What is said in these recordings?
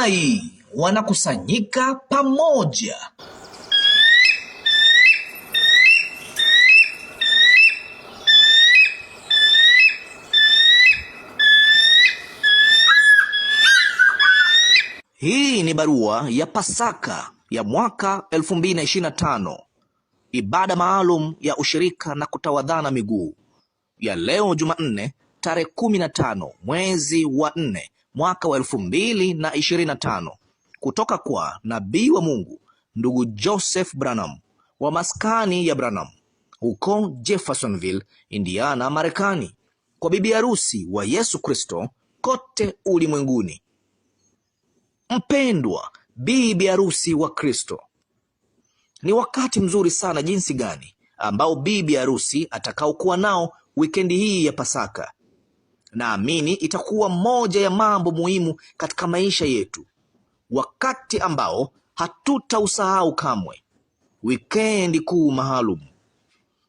hai wanakusanyika pamoja. Hii ni barua ya Pasaka ya mwaka 2025, ibada maalum ya ushirika na kutawadhana miguu ya leo Jumanne tarehe 15 mwezi wa 4 mwaka wa elfu mbili na ishirini na tano kutoka kwa nabii wa Mungu ndugu Joseph Branham wa maskani ya Branham huko Jeffersonville, Indiana, Marekani, kwa bibi harusi wa Yesu Kristo kote ulimwenguni. Mpendwa bibi harusi wa Kristo, ni wakati mzuri sana jinsi gani ambao bibi harusi atakaokuwa nao wikendi hii ya Pasaka Naamini itakuwa moja ya mambo muhimu katika maisha yetu, wakati ambao hatutausahau kamwe. Wikendi kuu maalum.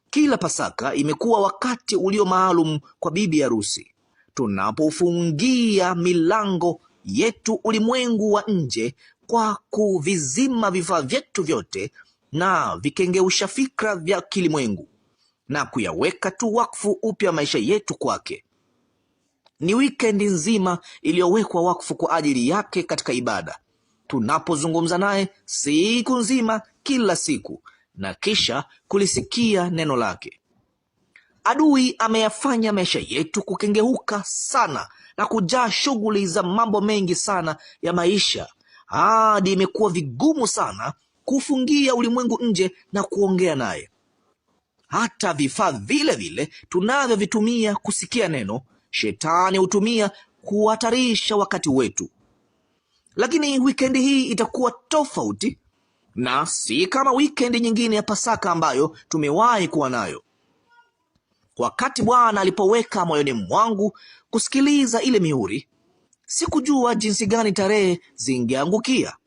Kila Pasaka imekuwa wakati ulio maalum kwa bibi harusi, tunapofungia milango yetu ulimwengu wa nje kwa kuvizima vifaa vyetu vyote na vikengeusha fikra vya kilimwengu na kuyaweka tu wakfu upya maisha yetu kwake. Ni wikendi nzima iliyowekwa wakfu kwa ajili yake katika ibada, tunapozungumza naye siku nzima, kila siku, na kisha kulisikia neno lake. Adui ameyafanya maisha yetu kukengeuka sana na kujaa shughuli za mambo mengi sana ya maisha, hadi imekuwa vigumu sana kufungia ulimwengu nje na kuongea naye. Hata vifaa vile vile tunavyovitumia kusikia neno Shetani hutumia kuhatarisha wakati wetu, lakini wikendi hii itakuwa tofauti na si kama wikendi nyingine ya Pasaka ambayo tumewahi kuwa nayo. Wakati Bwana alipoweka moyoni mwangu kusikiliza ile mihuri, sikujua jinsi gani tarehe zingeangukia,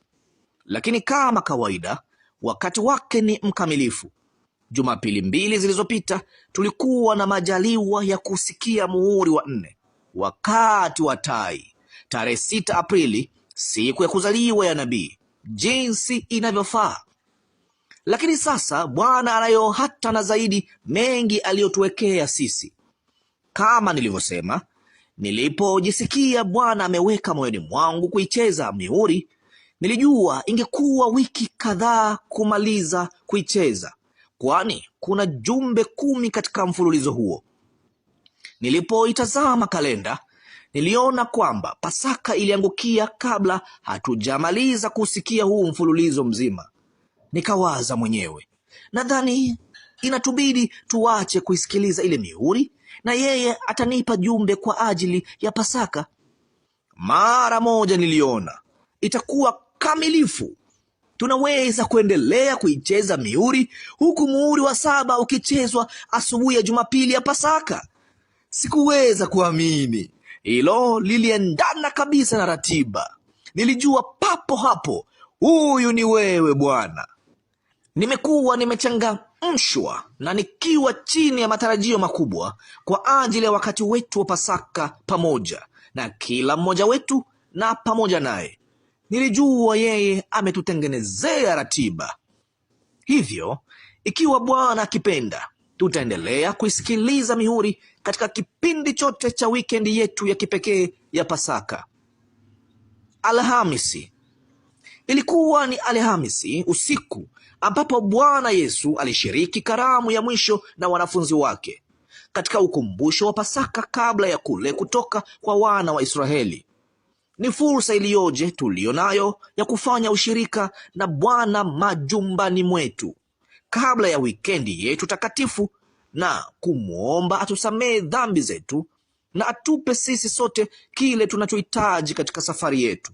lakini kama kawaida wakati wake ni mkamilifu. Jumapili mbili zilizopita tulikuwa na majaliwa ya kusikia muhuri wa nne, wakati wa tai, tarehe 6 Aprili, siku ya kuzaliwa ya nabii, jinsi inavyofaa. Lakini sasa Bwana anayo hata na zaidi mengi aliyotuwekea sisi. Kama nilivyosema, nilipojisikia Bwana ameweka moyoni mwangu kuicheza mihuri, nilijua ingekuwa wiki kadhaa kumaliza kuicheza kwani kuna jumbe kumi katika mfululizo huo. Nilipoitazama kalenda, niliona kwamba Pasaka iliangukia kabla hatujamaliza kusikia huu mfululizo mzima. Nikawaza mwenyewe, nadhani inatubidi tuache kuisikiliza ile mihuri, na yeye atanipa jumbe kwa ajili ya Pasaka. Mara moja niliona itakuwa kamilifu tunaweza kuendelea kuicheza mihuri, huku muhuri wa saba ukichezwa asubuhi ya Jumapili ya Pasaka. Sikuweza kuamini hilo, liliendana kabisa na ratiba. Nilijua papo hapo, huyu ni wewe Bwana. Nimekuwa nimechangamshwa na nikiwa chini ya matarajio makubwa kwa ajili ya wakati wetu wa Pasaka pamoja na kila mmoja wetu na pamoja naye. Nilijua yeye ametutengenezea ratiba. Hivyo ikiwa Bwana akipenda, tutaendelea kuisikiliza mihuri katika kipindi chote cha wikendi yetu ya kipekee ya Pasaka. Alhamisi ilikuwa ni Alhamisi usiku ambapo Bwana Yesu alishiriki karamu ya mwisho na wanafunzi wake katika ukumbusho wa Pasaka kabla ya kule kutoka kwa wana wa Israeli. Ni fursa iliyoje tuliyo nayo ya kufanya ushirika na Bwana majumbani mwetu kabla ya wikendi yetu takatifu na kumwomba atusamehe dhambi zetu na atupe sisi sote kile tunachohitaji katika safari yetu.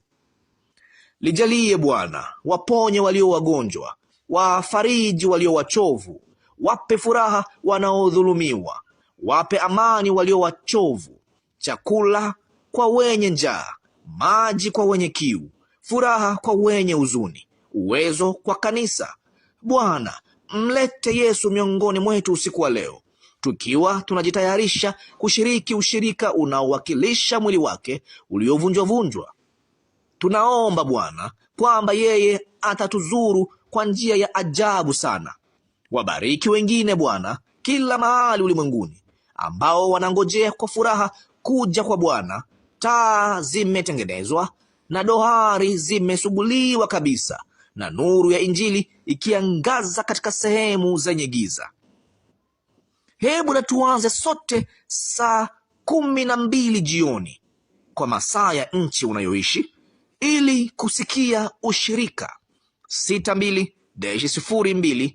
Lijalie Bwana, waponye walio wagonjwa, wafariji walio wachovu, wape furaha wanaodhulumiwa, wape amani walio wachovu, chakula kwa wenye njaa, maji kwa wenye kiu, furaha kwa wenye huzuni, uwezo kwa kanisa. Bwana, mlete Yesu miongoni mwetu usiku wa leo, tukiwa tunajitayarisha kushiriki ushirika unaowakilisha mwili wake uliovunjwavunjwa. Tunaomba Bwana kwamba yeye atatuzuru kwa njia ya ajabu sana. Wabariki wengine Bwana kila mahali ulimwenguni ambao wanangojea kwa furaha kuja kwa Bwana taa zimetengenezwa na dohari zimesuguliwa kabisa, na nuru ya Injili ikiangaza katika sehemu zenye giza. Hebu na tuanze sote saa kumi na mbili jioni kwa masaa ya nchi unayoishi ili kusikia ushirika 62-0204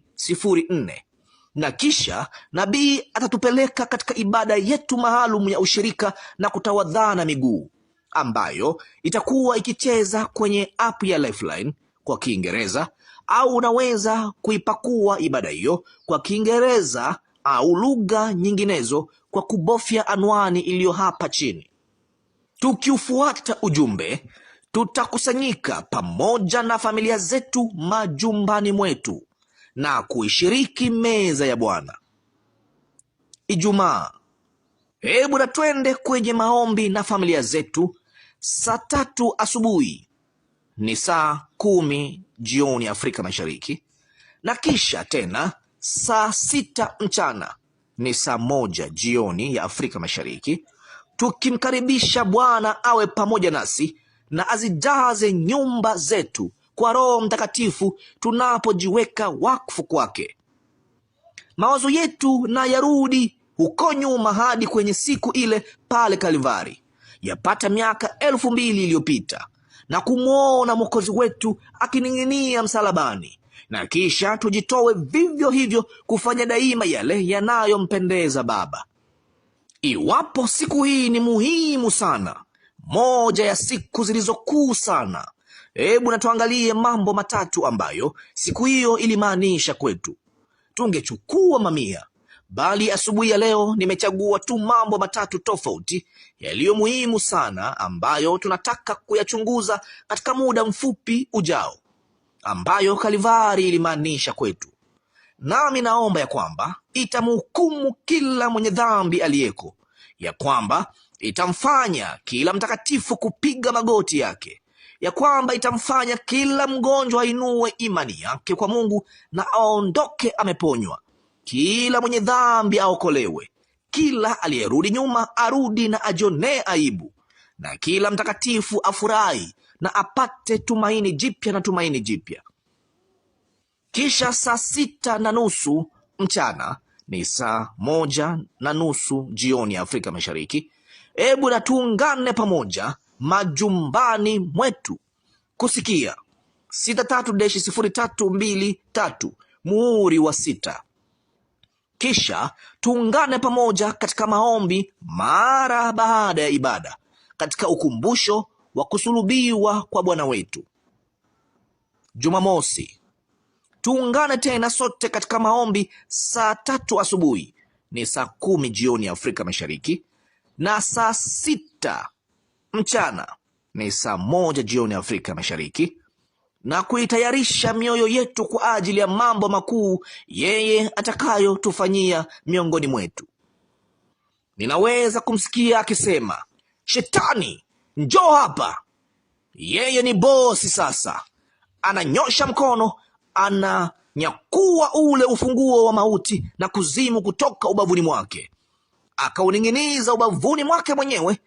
na kisha nabii atatupeleka katika ibada yetu maalum ya ushirika na kutawadhaa na miguu ambayo itakuwa ikicheza kwenye app ya Lifeline kwa Kiingereza, au unaweza kuipakua ibada hiyo kwa Kiingereza au lugha nyinginezo kwa kubofya anwani iliyo hapa chini. Tukiufuata ujumbe, tutakusanyika pamoja na familia zetu majumbani mwetu na kuishiriki meza ya Bwana Ijumaa. Hebu na twende kwenye maombi na familia zetu. Saa tatu asubuhi ni saa kumi jioni Afrika Mashariki, na kisha tena saa sita mchana ni saa moja jioni ya Afrika Mashariki, tukimkaribisha Bwana awe pamoja nasi na azijaze nyumba zetu kwa Roho Mtakatifu tunapojiweka wakfu kwake. Mawazo yetu na yarudi huko nyuma hadi kwenye siku ile pale Kalivari, yapata miaka elfu mbili iliyopita na kumwona Mwokozi wetu akining'inia msalabani, na kisha tujitowe vivyo hivyo kufanya daima yale yanayompendeza Baba. Iwapo siku hii ni muhimu sana, moja ya siku zilizokuu sana Hebu na tuangalie mambo matatu ambayo siku hiyo ilimaanisha kwetu. Tungechukua mamia, bali asubuhi ya leo nimechagua tu mambo matatu tofauti yaliyo muhimu sana ambayo tunataka kuyachunguza katika muda mfupi ujao, ambayo Kalivari ilimaanisha kwetu. Nami naomba ya kwamba itamhukumu kila mwenye dhambi aliyeko, ya kwamba itamfanya kila mtakatifu kupiga magoti yake ya kwamba itamfanya kila mgonjwa ainue imani yake kwa Mungu na aondoke ameponywa, kila mwenye dhambi aokolewe, kila aliyerudi nyuma arudi na ajonee aibu, na kila mtakatifu afurahi na apate tumaini jipya na tumaini jipya. Kisha saa sita na nusu mchana ni saa moja na nusu jioni ya Afrika Mashariki. Hebu na tuungane pamoja majumbani mwetu kusikia mbili tatu muhuri wa sita. Kisha tuungane pamoja katika maombi mara baada ya ibada katika ukumbusho wa kusulubiwa kwa Bwana wetu. Jumamosi tuungane tena sote katika maombi saa tatu asubuhi, ni saa kumi jioni Afrika Mashariki, na saa sita mchana ni saa moja jioni Afrika Mashariki, na kuitayarisha mioyo yetu kwa ajili ya mambo makuu yeye atakayotufanyia miongoni mwetu. Ninaweza kumsikia akisema, Shetani, njoo hapa. Yeye ni bosi sasa, ananyosha mkono, ananyakua ule ufunguo wa mauti na kuzimu kutoka ubavuni mwake, akauning'iniza ubavuni mwake mwenyewe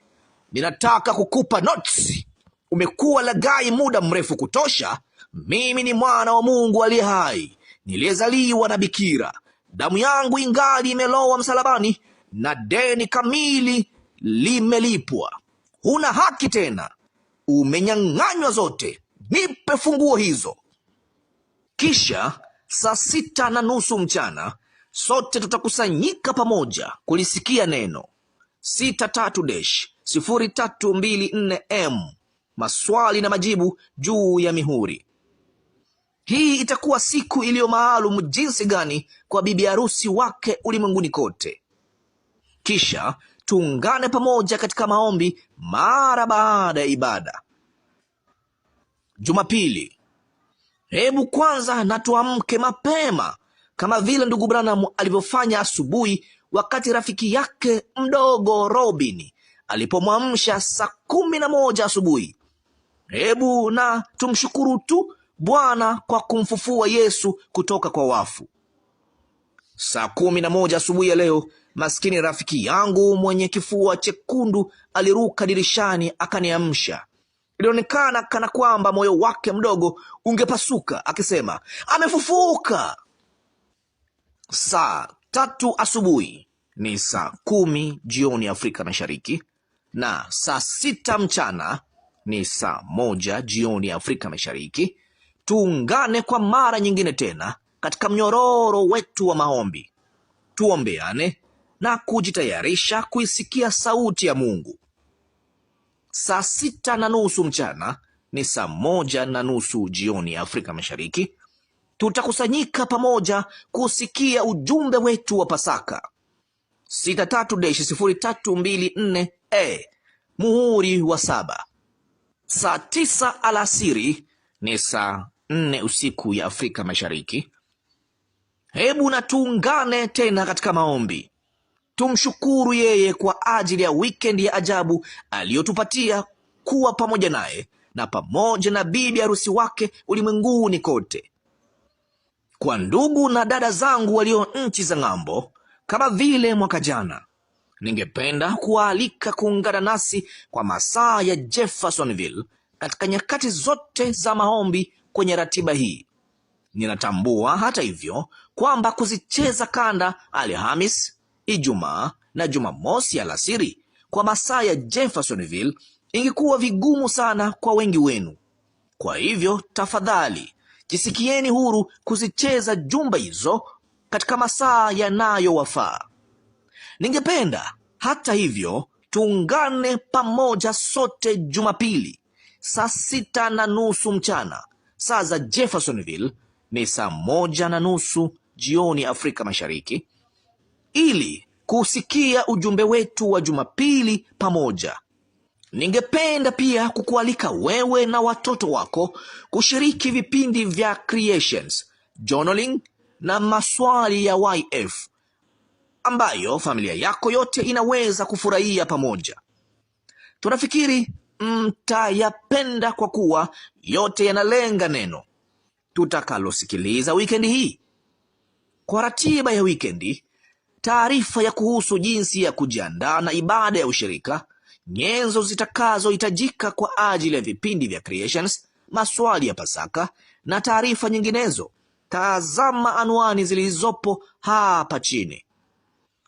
ninataka kukupa notes. Umekuwa lagai muda mrefu kutosha. Mimi ni mwana wa Mungu aliye hai, niliyezaliwa na bikira. Damu yangu ingali imelowa msalabani, na deni kamili limelipwa. Huna haki tena, umenyang'anywa zote. Nipe funguo hizo. Kisha saa sita na nusu mchana sote tutakusanyika pamoja kulisikia neno. 63-032m maswali na majibu juu ya mihuri. Hii itakuwa siku iliyo maalum jinsi gani kwa bibi harusi wake ulimwenguni kote. Kisha tuungane pamoja katika maombi mara baada ya ibada. Jumapili, hebu kwanza na tuamke mapema kama vile ndugu Branham alivyofanya asubuhi wakati rafiki yake mdogo Robin alipomwamsha saa kumi na moja asubuhi. Hebu na tumshukuru tu Bwana kwa kumfufua Yesu kutoka kwa wafu. Saa kumi na moja asubuhi ya leo, maskini rafiki yangu mwenye kifua chekundu aliruka dirishani akaniamsha. Ilionekana kana kwamba moyo wake mdogo ungepasuka, akisema amefufuka. Saa tatu asubuhi ni saa kumi jioni Afrika Mashariki, na saa sita mchana ni saa moja jioni Afrika Mashariki. Tuungane kwa mara nyingine tena katika mnyororo wetu wa maombi, tuombeane na kujitayarisha kuisikia sauti ya Mungu. Saa sita na nusu mchana ni saa moja na nusu jioni ya Afrika Mashariki, tutakusanyika pamoja kusikia ujumbe wetu wa Pasaka. 63 e, muhuri wa saba, saa tisa alasiri ni saa nne usiku ya Afrika Mashariki. Hebu na tuungane tena katika maombi. Tumshukuru yeye kwa ajili ya wikendi ya ajabu aliyotupatia kuwa pamoja naye na pamoja na bibi harusi wake ulimwenguni kote kwa ndugu na dada zangu walio nchi za ng'ambo, kama vile mwaka jana. Ningependa kuwaalika kuungana nasi kwa masaa ya Jeffersonville katika nyakati zote za maombi kwenye ratiba hii. Ninatambua hata hivyo kwamba kuzicheza kanda Alhamis, Ijumaa na Jumamosi alasiri kwa masaa ya Jeffersonville ingekuwa vigumu sana kwa wengi wenu. Kwa hivyo tafadhali jisikieni huru kuzicheza jumba hizo katika masaa yanayowafaa. Ningependa hata hivyo tuungane pamoja sote Jumapili saa sita na nusu mchana. Saa za Jeffersonville ni saa moja na nusu jioni Afrika Mashariki, ili kusikia ujumbe wetu wa Jumapili pamoja Ningependa pia kukualika wewe na watoto wako kushiriki vipindi vya Creations, Journaling na maswali ya YF ambayo familia yako yote inaweza kufurahia pamoja. Tunafikiri mtayapenda kwa kuwa yote yanalenga neno tutakalosikiliza wikendi hii. Kwa ratiba ya wikendi, taarifa ya kuhusu jinsi ya kujiandaa na ibada ya ushirika nyenzo zitakazohitajika kwa ajili ya vipindi vya Creations, maswali ya Pasaka na taarifa nyinginezo. Tazama anwani zilizopo hapa chini.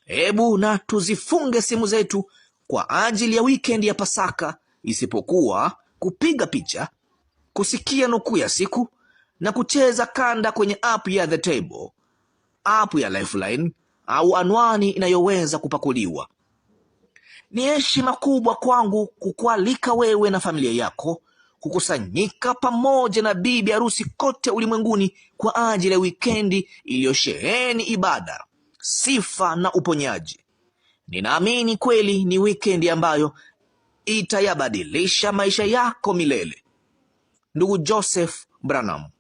Hebu na tuzifunge simu zetu kwa ajili ya wikendi ya Pasaka, isipokuwa kupiga picha, kusikia nukuu ya siku na kucheza kanda kwenye app ya The Table, app ya Lifeline au anwani inayoweza kupakuliwa. Ni heshima kubwa kwangu kukualika wewe na familia yako kukusanyika pamoja na bibi harusi kote ulimwenguni kwa ajili ya wikendi iliyosheheni ibada, sifa na uponyaji. Ninaamini kweli ni wikendi ambayo itayabadilisha maisha yako milele. Ndugu Joseph Branham.